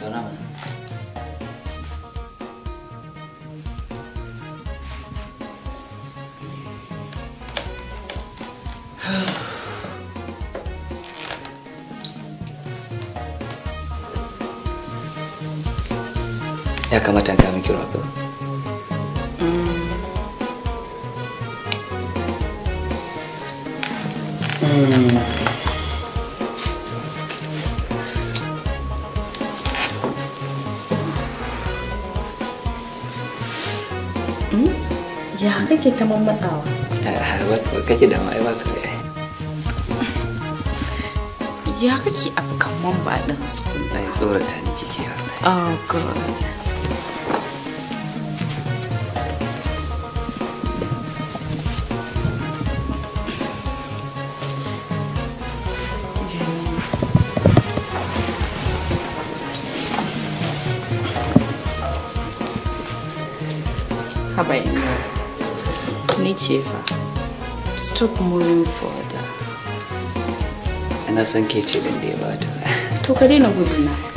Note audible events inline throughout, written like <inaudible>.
funcionaba. <sighs> Ya tak tangka mikiro wapi? ya kake ta mammatsawa kake da ma'aiwa ka ya kake a kan baɗin su ai tsorata ni kike har oh god arba'in now. ce fa stop moving forward na san ke in da ya bata to ka daina now.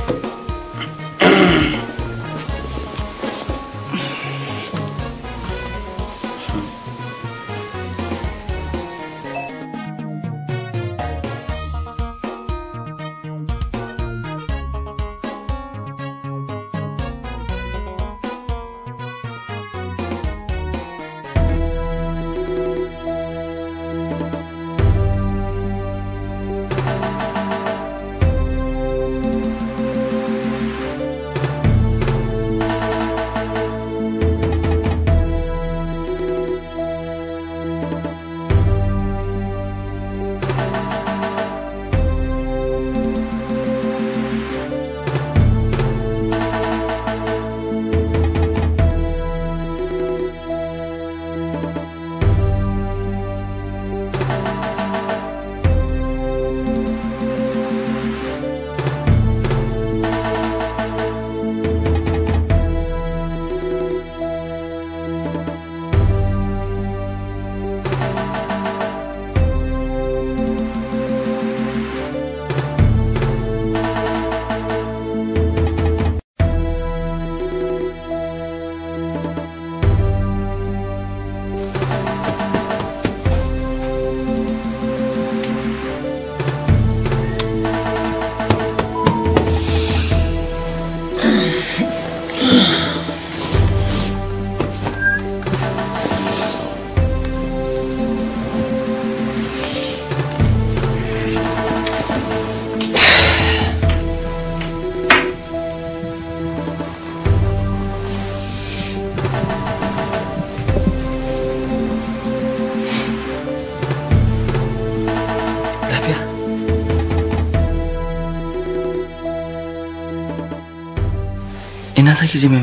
ina ki je mai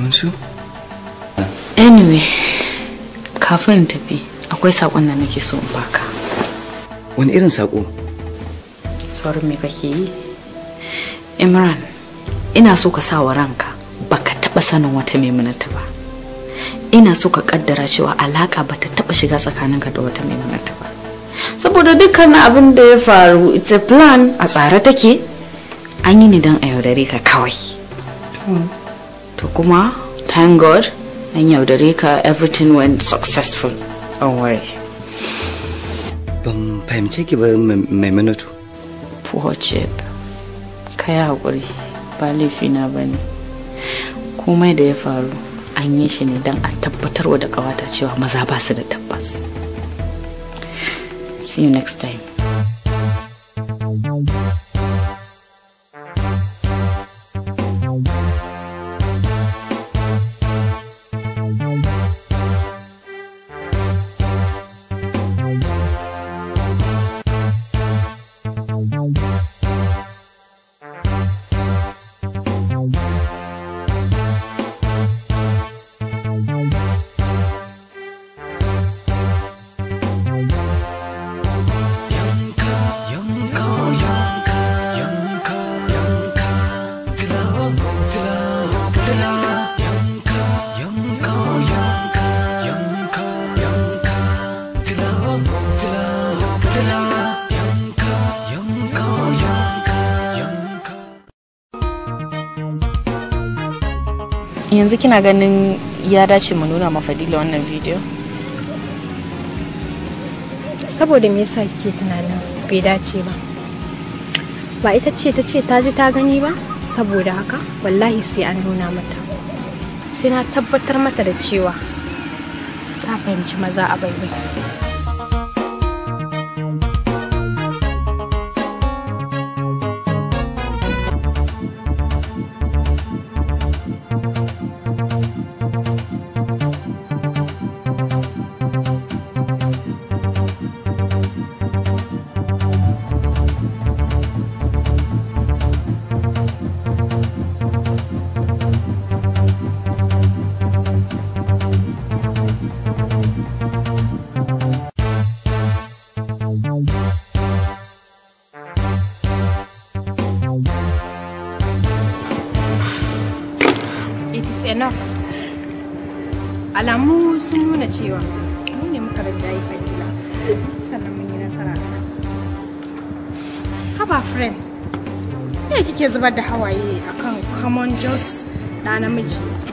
anyway kafin in tafi akwai sakon da nake so in baka wani irin sako saurin me kake yi imran ina so ka sa wa ranka baka taba sanin wata maimunata ba ina so ka kaddara cewa alaka bata taba shiga tsakaninka da wata maimunata ba saboda dukkan abin da ya faru it's a plan a tsare take an yi ni don a yaudare ka kawai to kuma thank god an yaudare ka everything went successful don't worry ban fahimce ki ba maimunatu poor chip ka haƙuri ba laifina ba ne komai da ya faru an yi shi ne don a tabbatarwa da ƙawata cewa maza ba su da tabbas see you next time yanzu kina ganin ya dace mu nuna ma fadila wannan bidiyo saboda me yasa kike tunanin bai dace ba ba ita ce ta ce ta ji ta gani ba saboda haka wallahi sai an nuna mata sai na tabbatar mata da cewa ta fahimci maza a baibai enough alamu sun nuna cewa mu ne muka rinda yi fadila sannan mun yi nasara haba friend me kike zubar da hawaye akan common jos da namiji